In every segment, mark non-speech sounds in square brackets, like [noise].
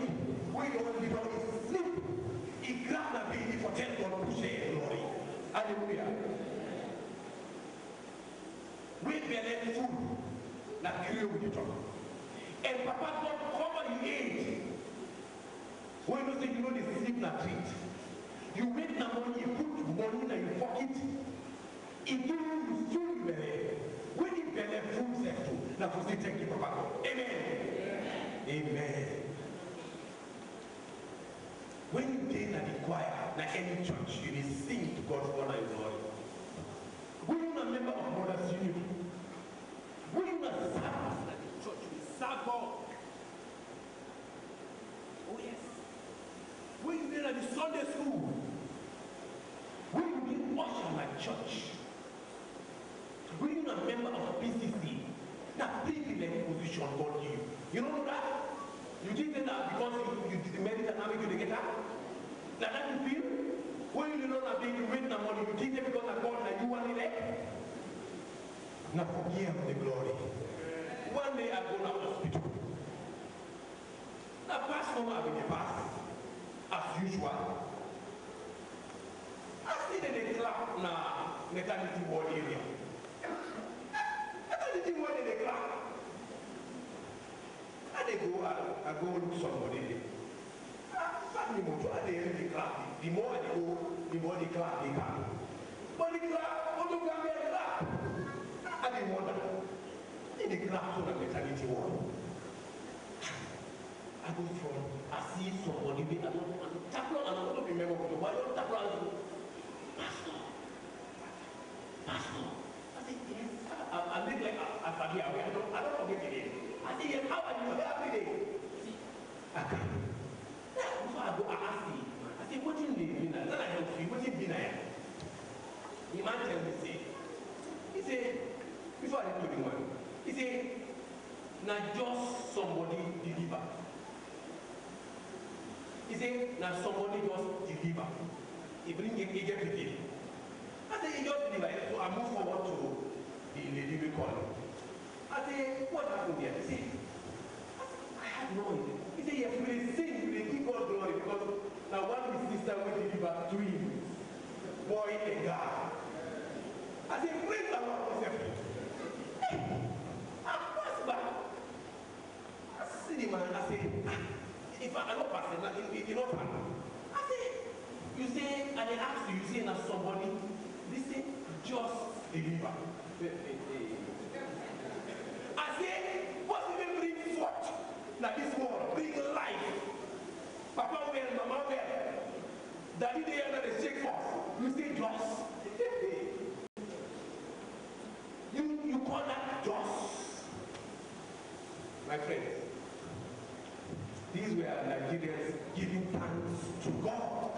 sleep. We don't leave our sleep. Ikrama bidii potendo na kushe lori. Haleluya. Wewe and food na kile ukitoka. And Papa God cover you in. Wewe ndio sleep na treat. Church, which you may sing to God's honor and glory. When you are a member of Mother's Union. when you are servants at the church, you serve God. Oh yes. When you get at the Sunday school, when you be usher at church, when you are a member of PCC, that privilege position God you. You don't know that? You didn't get that because you, you demanded an army to get that? Now that you feel? When you did not adili wina because you eh? the glory. One day I go to hospital. Now pass normal I will pass as usual. I see that they clap na maternity ward area. Maternity ward they clap. And they go out, I go look somebody. Ah, family I they clap. the more I go, the more they clap, they clap. But they clap, what do clap, they clap. I didn't wonder. In the clap, so the mentality was. I go from, I see somebody, I don't tackle, and I don't remember, why don't tackle, I don't Pastor, Pastor, I said, yes, I, I live like I'm familiar, I don't, I don't forget the name. I said, yes, how are you? Every day. See, I the man tell me say he say before i tell the man he say na just somebody deliver he say na somebody just deliver he bring him he get the bill i say he just deliver so i move forward to the lady wey call me i say what happen there he say i have no idea he say yes we dey see I asked you say na somebody listen just deliver. I say what even bring forth na this world bring life papa well mama well daddy dey here na dey shake us you say just [laughs] you you call that just my friends these were Nigerians giving thanks to God.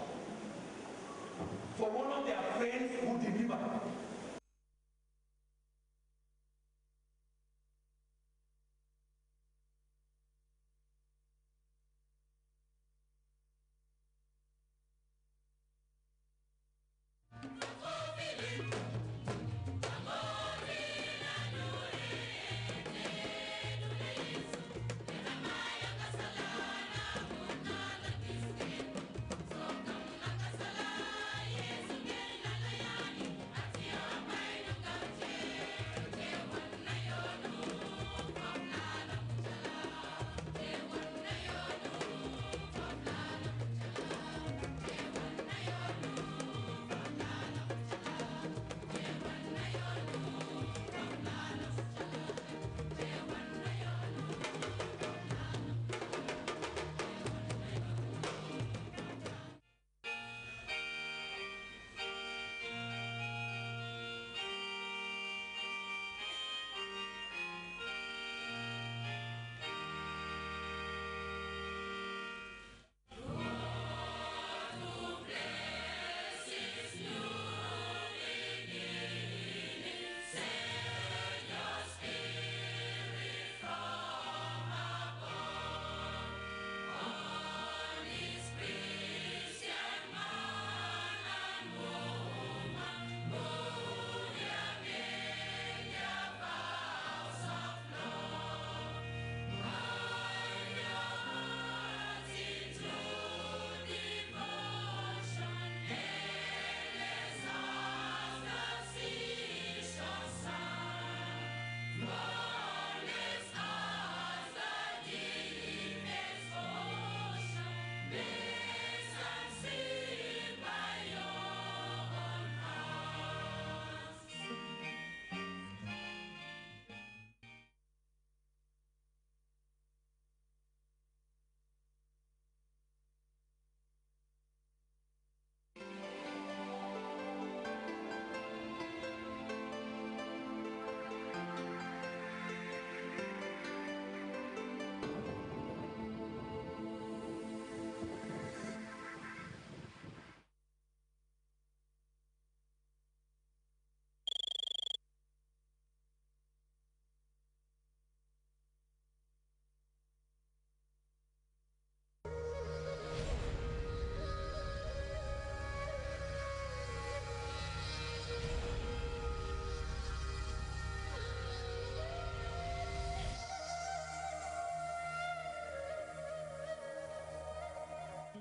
for one of their friends who did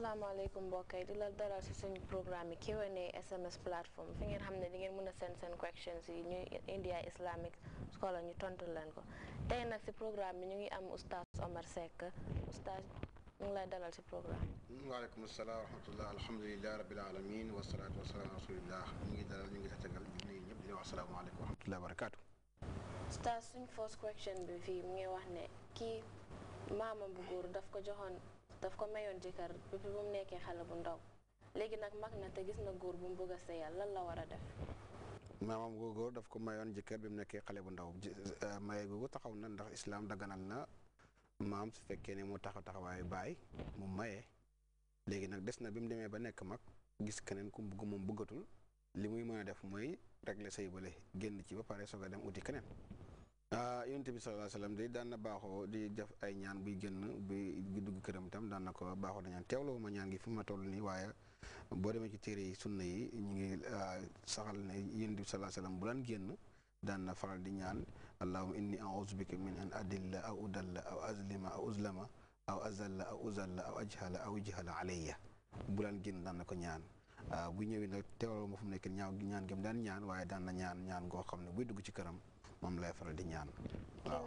asalaamaaleykum mbokk yi di la dalal si suñu programme yi Q&A SMS plateforme fi ngeen xam ne di ngeen mën seen seen questions yi ñu India Islamic Scholar ñu tontu leen ko tey nag si programme bi ñu ngi am oustaz Omar Seck oustaz mu ngi lay dalal si programme bi. waaleykum salaam wa rahmatulah alhamdulilah rabil alamin wasalaatu wasalaam rasulillah ñu ngi dalal ñu ngi tàggal ñu nuyu ñëpp di leen wax salaamaaleykum wa rahmatulah wa barakaatu. oustaz suñu ngi wax ko joxoon. daf ko mayoon jëkkër depuis bu mu nekkee xale bu ndaw léegi nag mag na te gis na góor bu mu bëgg sëyal lan la war a def. maamam googu góor daf ko mayoon jëkkër bi mu nekkee xale bu ndaw euh, maye googu taxaw na ndax islaam daganal na maam su fekkee ne mu taxaw taxawaayu baay mu maye léegi nag des na bi mu demee ba nekk mag gis keneen ku mu bëgg bëggatul li muy mën a def mooy régler sëy bale génn ci ba pare soo a dem uti keneen. Ah, yonent bi sallallahu alayhi wasallam day daan na baaxoo di def ay ñaan buy génn buy dugg këram itam daan na ko baaxoo da ñaan teewloo ma ñaan gi fi toll nii waaye boo demee ci téere yi sunna yi ñu ngi ah, saxal ne yonent bi sallallahu alayhi bu laan génn daan na faral di ñaan allahumma inni a'udhu bika min an adilla aw udalla aw azlima aw uzlama aw azalla aw uzalla aw ajhala aw ijhala alayya bu laan génn daan na ko ñaan ah, bu ñëwee nag teewloo ma fu mu nekk ñaaw ñaan gëm daan ñaan waaye daan na ñaan ñaan koo xam ne buy dugg ci këram moom lay faral di ñaan waaw